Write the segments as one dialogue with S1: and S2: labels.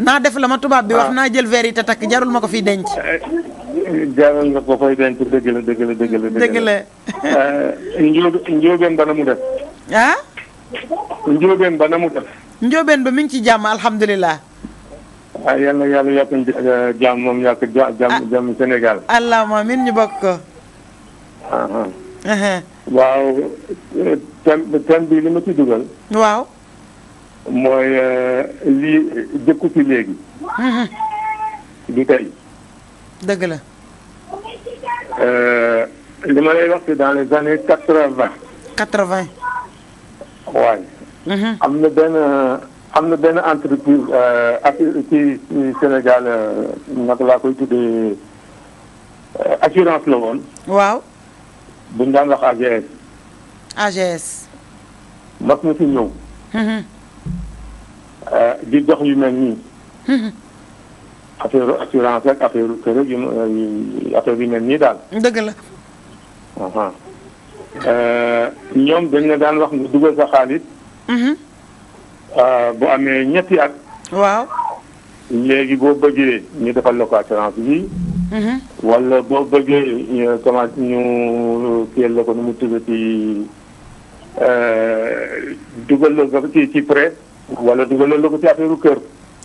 S1: naa def la ma tubaab bi wax ah. naa jël verre yi te takk jarul ma ko fii denc. Eh,
S2: jaral nga ko fay denc dëgg la dëgg la dëgg la. dëgg la. Eh, njóobeen ba na mu def. ah. njóobeen ba mu def.
S1: njóobeen ba mi ngi ci jàmm alhamdulilah.
S2: ah yal na yàlla yokk eh, jàmm moom yàq jàmm ah. jàmm Sénégal.
S1: allahumma amiin ñu bokk ko.
S2: Ah, waaw. thème thème bi ma ci dugal. waaw. mooy euh, lii jëkku ci léegi. du tey. dëgg la. Euh, li ma lay wax ci dans les années quatre-vingt. quatre-vingt. waay. am na benn am na benn entreprise euh, affaire ci Sénégal naka laa koy assurance la woon. waaw. bu ñu daan wax AGS. AGS. mas na fi ñëw. Euh, di jox yu mel nii. affaire assurance ak affaire kër euh, yu mel nii daal. dëgg la. Euh, ñoom dañ la daan wax nga dugal sa xaalis. Mhm. bu amee ñetti at. waaw. léegi boo bëggee ñu defal la ko assurance bi. Mhm. wala boo bëggee comment ñu kiyal la ko nu mu tuddati dugal la ko ci ci prêt. wala dugalal la ko ci affaire kër.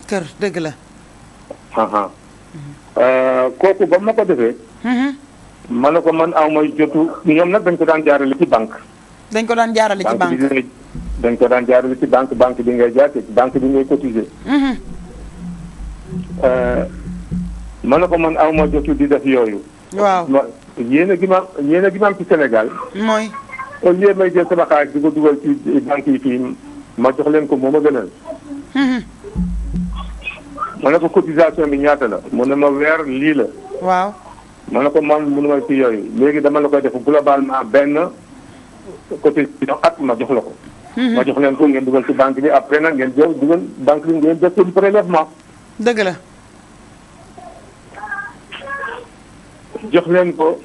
S1: kër dëgg la.
S2: Euh, kooku ba ma ko defee. Mhm. ma ne ko man aw jotu ñoom nag dañ ko daan jaarale ci bank
S1: dañ ko daan jaarale ci banque
S2: dañ ko daan jaarale ci banque banque bi ngay jaar ci banque bi ngay cotiser. Mhm. Euh, ma ne ko man aw ma jotu di def yooyu. waaw ma yéen a gi ma yéen a gi ma am ci Sénégal. mooy. au lieu may jël sama xaalis di ko dugal ci banque yi fii. ma jox leen ko moo ma gënal. Hmm. ma ne ko cotisation bi ñaata la mu na ma weer lii la. waaw ma ne ko man mënuma ci yooyu léegi dama la koy def globalement benn cotisation at ma jox la ko. Hmm. ma jox leen ko ngeen dugal si banque bi après nag ngeen jël dugal banque bi ngeen jël seen prélèvement. dëgg la. jox leen ko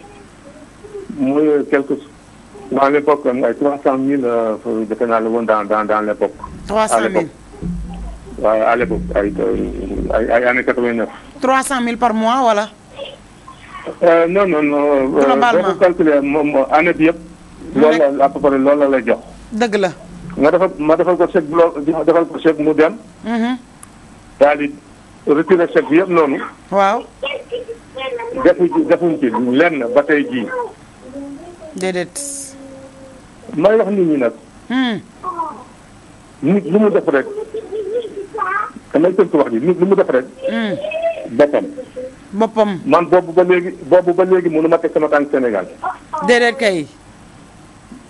S2: muy quelque dans l' époque ay 300000 defe naa la woon dans dans dans l' époque. 300000 waaw à l' époque ay ay ay année 89.
S1: 300000 par mois wala.
S2: Euh, non non non. Euh, globalement boo ko calculé bi yëpp. loolu la à la lay jox. dëgg la. nga defal ma defal ko chèque bloc defal ko chèque mu dem. Mhm. daal di retiré chèque bi yëpp noonu. waaw. defu defuñ lenn ba jii. déedéet. may wax nit ñi nag. Hmm. nit lu mu def rek damay tënk wax ji nit lu mu def rek. Hmm. boppam. boppam man boobu ba léegi boobu ba léegi mënu ma teg sama tànk Sénégal. déedéet kay.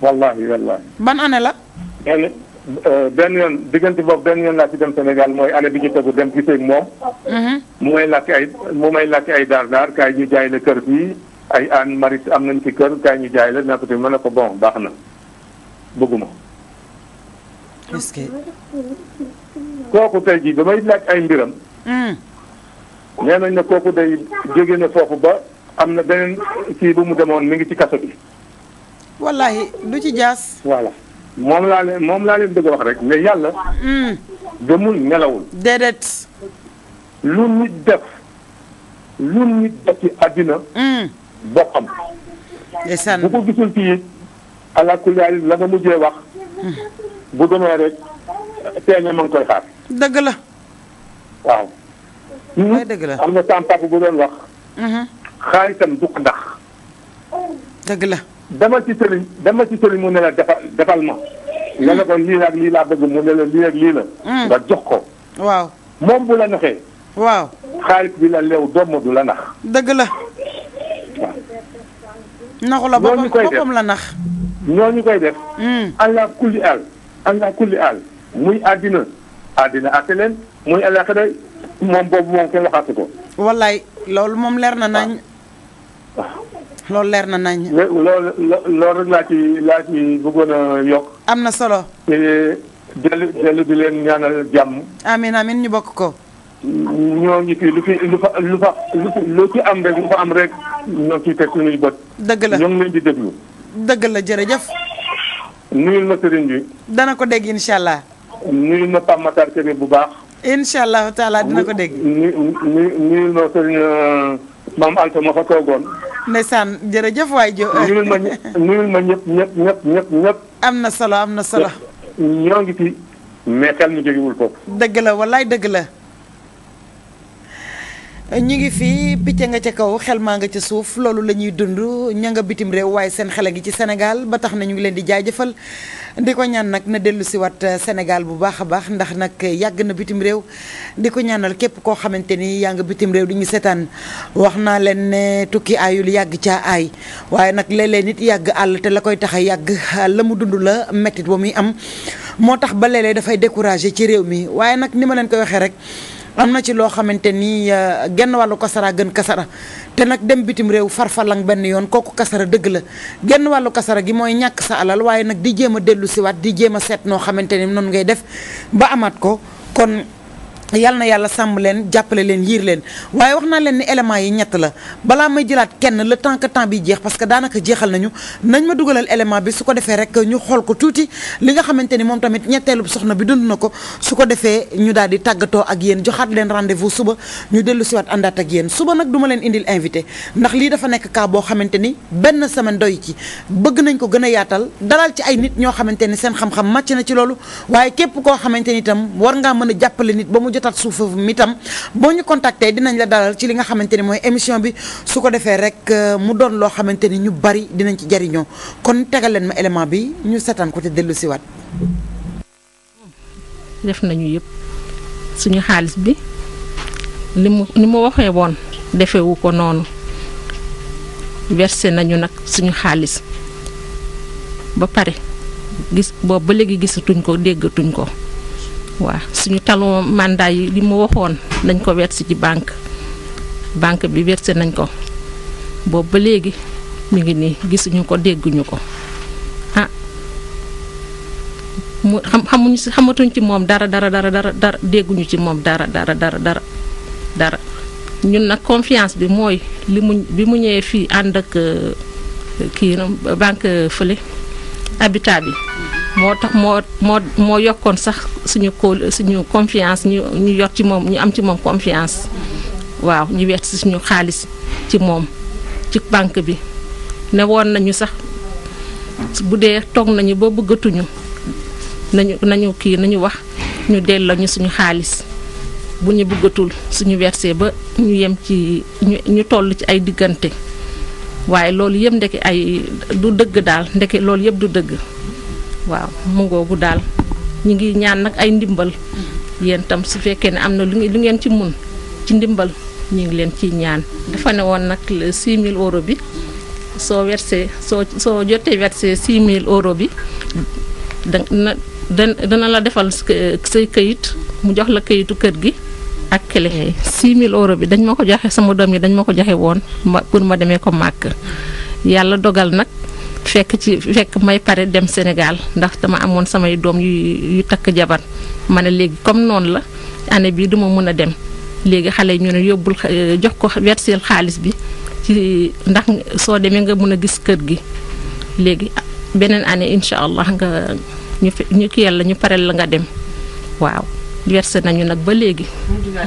S2: wallahi wallahi ban année la. année euh, benn yoon diggante boobu benn yoon laa ci dem Sénégal mooy année bi ñu tegu dem gisee moom. Hmm. mu may làkk ay mu may làkk ay daar daar kaay ñu jaay la kër bi ay an mari am nañ ci kër kaay ñu jaay la naa ko mën a ko bon baax na. bëgguma est kooku tey jii damay may ay mbiram hmm. nee nañ ne kooku day jóge na foofu ba am na beneen kii bu mu demoon mi ngi ci kaso bi wallahi du ci jaas voilà moom laa leen moom laa leen bëgg a wax rek mais yàlla hmm. gëmul nelawul déedéet lu nit def lu nit def ci àddina hmm. boppam bu ko gisul ci allah kulli aal mujjee wax. bu demee ma ngi koy xaar. dëgg la. dëgg la na sama papa doon wax. Mhm. xaalisam dukk ndax. dëgg la. dama ci sëriñ dama ci sëriñ mu ne la defal defal ma. Mhm. ko lii lii laa bëgg mu ne la lii ak lii la. Mhm. nga jox ko.
S1: waaw moom bu la
S2: naxee. waaw xaalis bi la leew doom du la nax.
S1: dëgg la. waaw. naxu la boppam
S2: la nax. ñu koy def. Hmm. allah kulli al allah kulli àll muy àddina àddina àtte leen muy alaxira moom boobu moom kenn waxaatu ko.
S1: wallaay loolu moom leer na nañ. Ah.
S2: loolu leer na nañ. loolu loolu laa ci laa ci bëggoon a yokk. am na solo. Eh, dellu dellu di leen ñaanal jàmm.
S1: amiin amiin ñu bokk ko. ñoo ngi fi lu fi lu fa lu fa lu ci am rek lu fa am rek ñoo ciy teg suñuy bët. dëgg la ñoo leen di déglu. dëgg la jërëjëf. nuyul ma sëriñ bi. dana ko dégg incha allah. nuyul ma Pape Matar Kébé bu baax. incha allahu taala
S2: dina ko dégg. nuyul ma sëriñ euh, maam Anta ma fa toogoon.
S1: ndeysaan jërëjëf waay jo. nuyul ma nuyul ma ñëpp ñëpp ñëpp ñëpp ñëpp. am na solo am na solo. ñoo ngi ci mais xel mi jógewul foofu. dëgg la wallaay dëgg la. ñu ngi fii picc nga ca kaw xel maa nga ca suuf loolu la ñuy dund ña nga bitim réew waaye seen xele a ngi ci Sénégal ba tax na ñu ngi leen di jëfal di ko ñaan nag na dellu wat euh, Sénégal bu baax a baax ndax nag yàgg na bitim réew di ko ñaanal képp koo xamante ni yaa nga réew di ñu seetaan wax naa leen ne tukki aayul yàgg caa aay waaye nag léeg-léeg nit yàgg àll te la koy tax a yàgg la mu dund la mettit ba muy am moo tax ba léeg dafay découragé ci réew mi waaye nag ni ma leen koy waxee rek. am na ci loo xamante ni euh, genn wàllu kasara gën kasara te nag dem bitim réew farfalang benn yoon kooku kasara dëgg la genn wàllu kasara gi mooy ñàkk sa alal waaye nag di jéem a dellu siwaat di jéem a seet noo xamante ni noonu ngay def ba amaat ko kon yàlla na yàlla sàmm leen jàppale leen yiir leen waaye wax naa leen ni éléments yi ñett la balaa may jëlaat kenn le temps temps bi jeex parce daanaka jeexal nañu nañ ma dugalal élément bi su ko defee rek ñu xool ko tuuti li nga xamante ni moom tamit ñetteelu soxna bi dund na ko su ko defee ñu daal di tàggatoo ak yéen joxaat leen rendez-vous suba ñu dellu siwaat àndaat ak yéen suba nag du leen indil invité ndax lii dafa nekk cas boo xamante ni benn semaine doy ci bëgg nañ ko gën a yaatal dalal ci ay nit ñoo xamante ni seen xam-xam màcc na ci loolu waaye képp koo a jotaat suuf mi tam boo ñu contacter dinañ la dalal ci li nga xamante ni mooy émission bi su ko defee rek euh, mu doon loo xamante ni ñu bari dinañ ci jariñoo kon tegal leen ma élément bi ñu seetaan ko te dellu siwaat
S3: def nañu yëpp suñu xaalis bi li mu ni mu waxee woon defewu ko noonu versé nañu nag suñu xaalis ba pare gis boobu ba léegi gisatuñ ko déggatuñ ko waaw suñu talon mandat yi li mu waxoon nañ ko versé ci banque banque bi versé nañ ko boobu ba léegi mu ngi nii gisuñu ko dégguñu ko ah mu xam xamuñu si xamatuñ ci moom dara dara dara dara dara dégguñu ci moom dara dara dara dara dara ñun nag confiance bi mooy li mu bi mu ñëwee fii ànd ak eh, kii banque fële habitat bi. moo tax moo moo moo yokkoon sax suñu kol suñu confiance ñu ñu yor ci moom ñu am ci moom confiance waaw ñu wet suñu xaalis ci moom ci banque bi ne woon nañu sax bu dee toog nañu ba bëggatuñu nañu nañu kii nañu wax ñu delloo ñu suñu xaalis bu ñu bëggatul suñu versé ba ñu yem ci ñu ñu toll ci ay diggante waaye loolu yëpp ndeke ay du dëgg daal ndeke loolu yëpp du dëgg waaw mu ngoogu daal ñu ngi ñaan nag ay ndimbal yéen tam su fekkee ne am na lu lu ngeen ci mun ci ndimbal ñu ngi leen ciy ñaan dafa ne woon nag 6000 euros bi soo versé soo soo jotee versé 6000 euros bi dana dana la defal say kayit mu jox la kayitu kër gi ak clé 6000 euros bi dañ ma ko joxe sama doom yi dañ ma ko joxe woon ma pour ma demee ko màkk yàlla dogal nag fekk ci fekk may pare dem Sénégal ndax dama amoon samay doom yu yu takk jabar ma ne léegi comme noonu la année bii duma mën a dem léegi xale ñu ne yóbbul eh, jox ko versel xaalis bi ci ndax soo demee nga mun a gis kër gi léegi ah, beneen année incha allah nga ñu ñu kiyal la ñu pare la nga dem waaw versé nañu nag ba léegi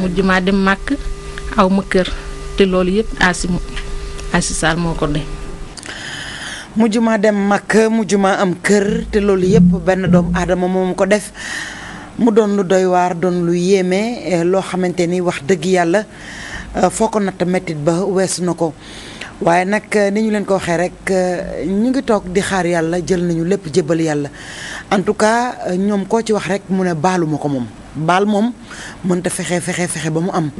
S3: mujj maa dem màkk aw ma kër te loolu yëpp asi asi saal moo ko ne
S1: mujj ma dem Makka mujj ma am kër te loolu yëpp benn doom aadama moom ko def mu doon lu doy waar doon lu yéeme eh, loo xamante ni wax dëgg yàlla eh, foo ko natt mettit ba weesu na ko waaye nag eh, ni ñu leen ko waxee rek ñu ngi toog di xaar yàlla jël nañu lépp jébbal yàlla en tout cas ñoom koo ci wax rek mu ne baaluma ko moom baal moom mënta fexe fexe fexe ba mu am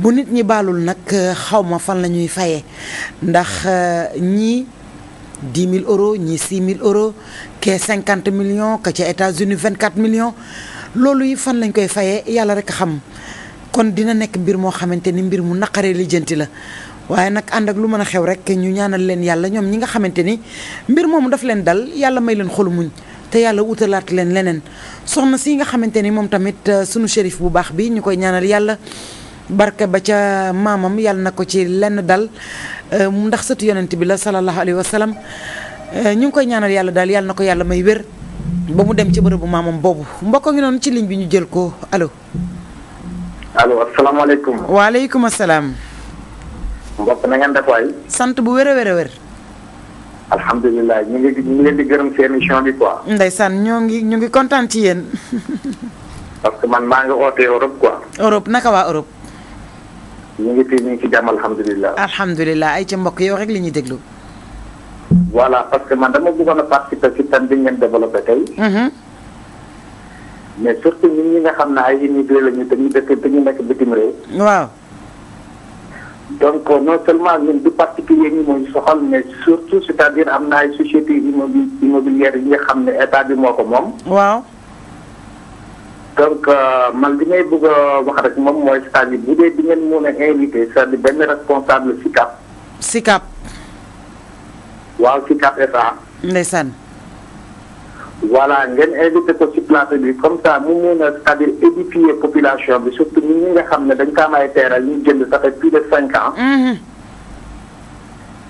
S1: bu nit ñi baalul nag xaw ma fan la ñuy fayee ndax ñii dix mille euros ñii six mille euro kee cinquante millions ka ca États-Unis vingt quatre millions loolu yi fan lañ koy fayee yàlla rek xam kon dina nekk mbir moo xamante ni mbir mu naqaree lijjanti la waaye nag ànd ak lu mën a xew rek ñu ñaanal leen yàlla ñoom ñi nga xamante ni mbir moomu daf leen dal yàlla may leen xolu te yàlla wutalaat leen leneen soxna si nga xamante ni moom tamit sunu shérif bu baax bi ñu koy ñaanal yàlla. barke ba ca maamam yàlla na ko ci lenn dal ehm, ndax sëtu yonent bi la sallallahu alayhi wa ehm, ñu ngi koy ñaanal yàlla daal yàlla na ko yàlla may wér ba mu dem ca bërëbu maamam boobu mbokk ngi noonu ci ligne bi ñu jël ko allo. allo asalaamaaleykum. waaleykum asalaam. mbokk na ngeen def sant bu wér a wér a wér. alhamdulilah ñu ngi ñu ngi leen di bi quoi. ñoo ngi ñu ngi kontaan ci yéen.
S2: parce man maa ngi oote Europe quoi.
S1: Europe naka waa Europe.
S2: ñu ngi fi ñu ngi ci jàmm alhamdulilah.
S1: alhamdulilah ay ca mbokk yow rek li ñuy déglu.
S2: voilà parce que man dama bëggoon a participer ci thème bi ngeen développé tey. Mhm. mais surtout ñun ñi nga xam ne ay immigré la ñu te ñu dëkk te nekk bitim réew. waaw. donc euh, non seulement ñun du particulier ñi mooy soxal mais surtout c'est-à-dire am na ay sociétés immobilières yi nga xam ne état bi moo ko moom. waaw. donc euh, man li may bëgg a wax rek moom mooy cest à bu dee di ngeen mën a invité cest à benn responsable SICAP. SICAP. waaw SICAP SA. ndeysaan. voilà ngeen invité ko ci plateau bi comme ça mu mun a cest à population bi surtout ñun ñi nga xam ne dañ ko am ay ñu jënd ça fait plus de cinq ans. Mhm.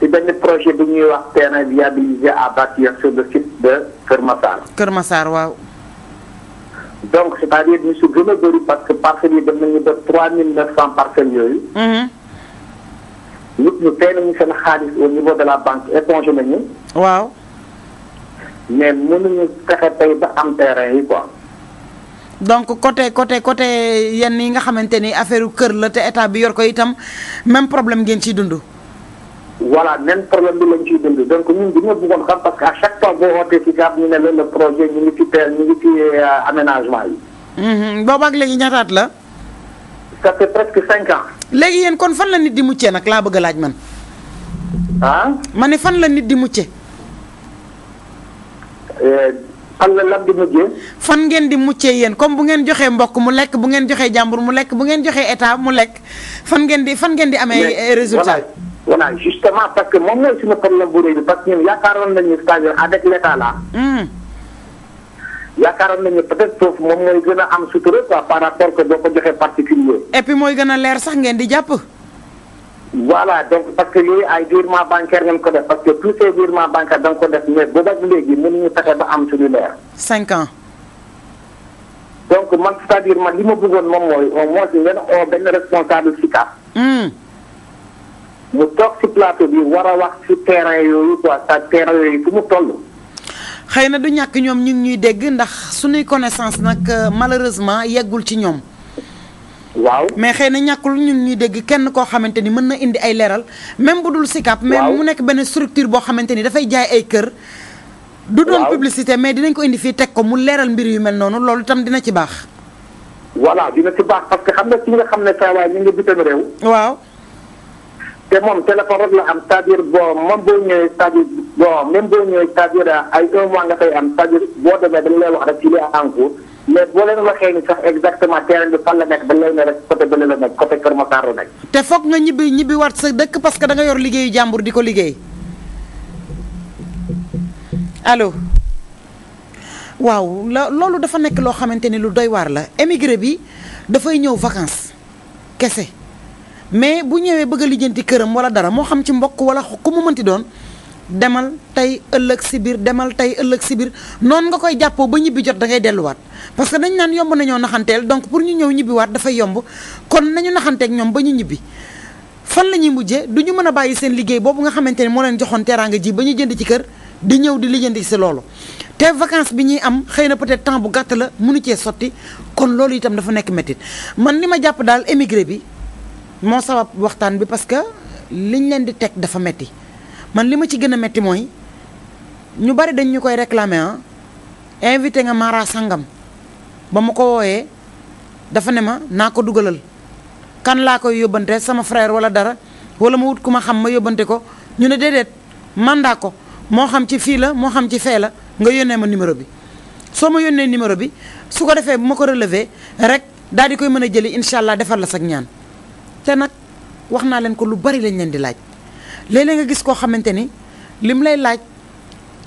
S2: ci benn projet bu ñuy wax terrain viabilisé à bâtir sur le site de Kër Massar.
S1: Kër Massar waaw.
S2: donc c' est à dire ñu su gën a bëri parce que parcelles yi dem nañu ba 3900 parcelles yooyu. Mhm. nit ñu tey nañu seen xaalis au niveau de la banque éponge nañu. waaw. mais mënuñu fexe tey ba am terrain yi quoi.
S1: donc côté côté côté yenn yi nga xamante ni affaire kër la te état bi yor ko itam même problème ngeen ciy dund. voilà même problème
S2: bi lañ ciy dund donc ñun du ñu bëggoon xam parce que à chaque fois boo wootee ci gàpp ñu ngi
S1: ci euh, mhm. boobu ak léegi ñaataat la. ça fait presque cinq ans. léegi yéen kon fan la nit di muccee nag laa bëgg a laaj man. ah. ne fan la nit di muccee. Euh, fan la lan di mujjee. fan ngeen di muccee yéen comme bu ngeen joxee mbokk mu lekk bu ngeen joxee jàmbur mu lekk bu ngeen joxee état mu lekk fan ngeen di fan ngeen di amee. résultat voilà justement parce que moom mooy suñu
S2: problème bu rëy bi parce que ñun yaakaaroon nañu stagiaire avec l'état là. Hmm. yaakaaroon nañu peut moom mooy gën a am su quoi par rapport que boo ko joxee particulier.
S1: et mooy gën a leer sax ngeen di jàpp.
S2: voilà donc parce que yooyu ay virement bancaire ngeen ko def parce que tous ces virements bancaires da nga ko def mais booba léegi mënuñu fexe ba am suñu leer. cinq ans. donc man c'est-à-dire man li ma bëggoon moom mooy au moins ngeen oo benn responsable mu toog si plateau bi war a wax si terrain yooyu quoi sa terrain yooyu fu mu toll.
S1: xëy na du ñàkk ñoom ñu ngi ñuy dégg ndax suñuy connaissance nag euh, malheureusement yeggul ci ñoom. waaw mais xëy na ñàkkul ñun ñuy dégg kenn koo xamante ni mën na indi ay leral même bu dul sikap mais mu nekk benn structure boo xamante ni dafay jaay ay kër. du doon publicité mais dinañ ko indi fii teg ko mu leeral mbir yu mel noonu loolu itam dina ci baax. voilà dina ci baax parce que xam
S2: nga te moom téléphone rek la am c'est-à-dire bon moom boo ñëwee c'est-à-dire même boo ñëwee c'est-à-dire ay un mois nga fay am cest boo demee dañu lay wax rek ci li en cours mais boo leen waxee ni sax exactement terrain bi fan la nekk dañu lay ne rek côté bële la nekk
S1: côté Kër Massar la nekk. te foog nga ñibbi ñibbi waat sa dëkk parce que da nga yor liggéeyu jàmbur di ko liggéey allo. waaw loolu dafa nekk loo xamante ni lu doy waar la émigré bi dafay ñëw vacances kese. mais bu ñëwee bëgg a lijjanti këram wala dara moo xam ci mbokk wala ku mu mënti doon demal tey ëllëg si biir demal tey ëllëg si noonu nga koy jàppoo ba ñibbi jot dangay delluwaat parce que dañ naan yomb nañoo naxanteel donc pour ñu ñëw ñibbiwaat dafay yomb kon nañu naxanteeg ñoom ba ñu ñibbi fan la ñuy mujjee du ñu mën a bàyyi seen liggéey boobu nga xamante ne moo leen joxoon teraanga ji ba ñu jënd ci kër di ñëw di lijjanti si loolu te vacances bi ñuy am xëy na peut-être temps bu gàtt la mënu cee sotti kon loolu itam dafa nekk métit man li ma jàpp daal émigré bi moo sabab waxtaan bi parce que liñ leen di teg dafa metti man li ma ci gën a metti mooy ñu bari dañ ñu koy réclamer ah, invité nga Mara Sangam ba ma ko wooyee dafa ne ma naa ko dugalal kan laa koy yóbbante sama frère wala dara wala ma wut ku ma xam ma yóbbante ko ñu ne déedéet mandat ko moo xam ci fii la moo xam ci fee la nga yónnee ma numéro bi soo ma yónnee numéro bi su ko defee bu ma ko relever rek daal di koy mën a jëli incha allah defal la sag ñaan te nag wax naa leen ko lu bari lañ leen di laaj léeg-léeg nga gis koo xamante ni lim lay laaj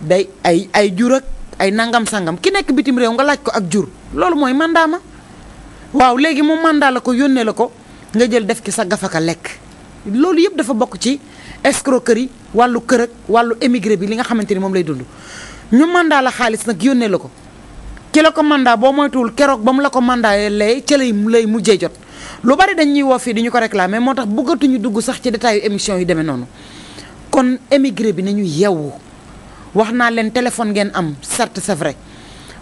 S1: day ay ay jur ak ay nangam sangam ki nekk bitim réew nga laaj ko ak jur loolu mooy mandat ma waaw léegi mu mandat la ko yónnee la ko nga jël def ki sa gafaka lekk loolu yëpp dafa bokk ci escroquerie wàllu kër ak wàllu émigré bi li nga xamante ni moom lay dund ñu mandat la xaalis nag yónnee la ko. ki la ko mandat boo moytuwul keroog ba mu la ko mandat lay ca lay lay mujjee jot lu bari dañ ñuy woo fii di ñu ko réclamer moo tax buggatuñu dugg sax ci détail yu émission yu demee noonu kon émigré bi nañu yeewu wax naa leen téléphone ngeen am sart c'est rek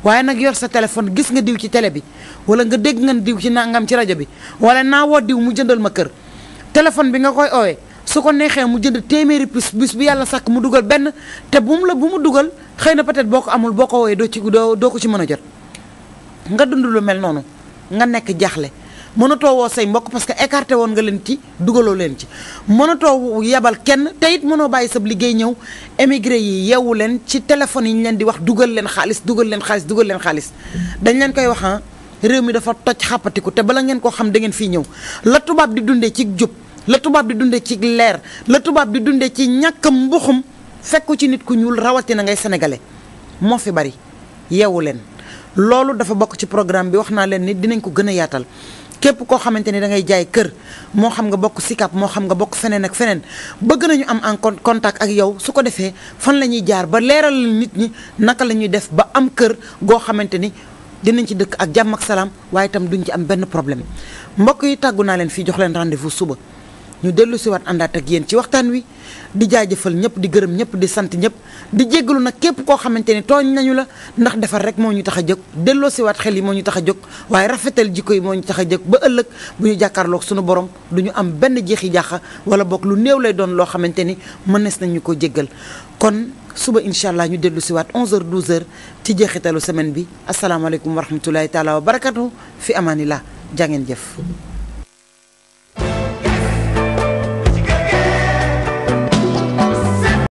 S1: waaye nag yor sa téléphone gis nga diw ci télé bi wala nga dégg nga diw ci nangam ci rajo bi wala naa woo diw mu jëndal ma kër téléphone bi nga koy oowee su ko neexee mu jënd téeméeri plus bis bu yàlla sàkk mu dugal benn te bu mu la dugal. xëy na peut-être boo ko amul boo ko woowee doo ci doo doo ko ci mën a jot nga dund lu mel noonu nga nekk jaaxle mënatoo woo say mbokk parce que écarté woon nga leen ci dugaloo leen ci mënatoo yebal kenn te mënoo bàyyi sab liggéey ñëw émigré yi yeewu leen ci téléphone yi ñu leen di wax dugal leen xaalis dugal leen xaalis dugal leen xaalis dañ leen koy wax ah réew mi dafa toj xàppatiku te bala ngeen koo xam da ngeen fii ñëw la tubaab di dundee ci jub la tubaab di dundee ci leer la tubaab di dundee ci ñàkk mbuxum fekk ci nit ku ñuul rawatina ngay senegale moo fi bari yeewu leen loolu dafa bokk ci programme bi wax naa leen nit dinañ ko gën a yaatal képp koo xamante ni da ngay jaay kër moo xam nga bokk sikap moo xam nga bokk feneen ak feneen bëgg nañu am en contact ak yow su ko defee fan la ñuy jaar ba leeral nit ñi naka la ñuy def ba am kër goo xamante ni dinañ ci dëkk ak jàmm ak salaam waaye itam duñ ci am benn problème mbokk yi tàggu naa leen fii jox leen rendez-vous suba. ñu dellu si waat àndaat ak yéen ci waxtaan wi di jaajafal ñëpp di gërëm ñëpp di sant ñëpp di jéggalu nag képp koo xamante ni tooñ nañu la ndax defar rek moo ñu tax a jóg delloo si waat xel yi moo ñu tax a jóg waaye rafetal jikko yi moo tax a jóg ba ëllëg bu ñu jàkkaarloog suñu borom du ñu am benn jeexi jàq wala boog lu néew lay doon loo xamante ni mënees nañu ko jéggal kon suba incha allah ñu dellu si waat 11h 12h ci jeexitalu semaine bi asalaamaaleykum wa rahmatulahi taala wa barakatu fi amaanillah jaa ngeen jëf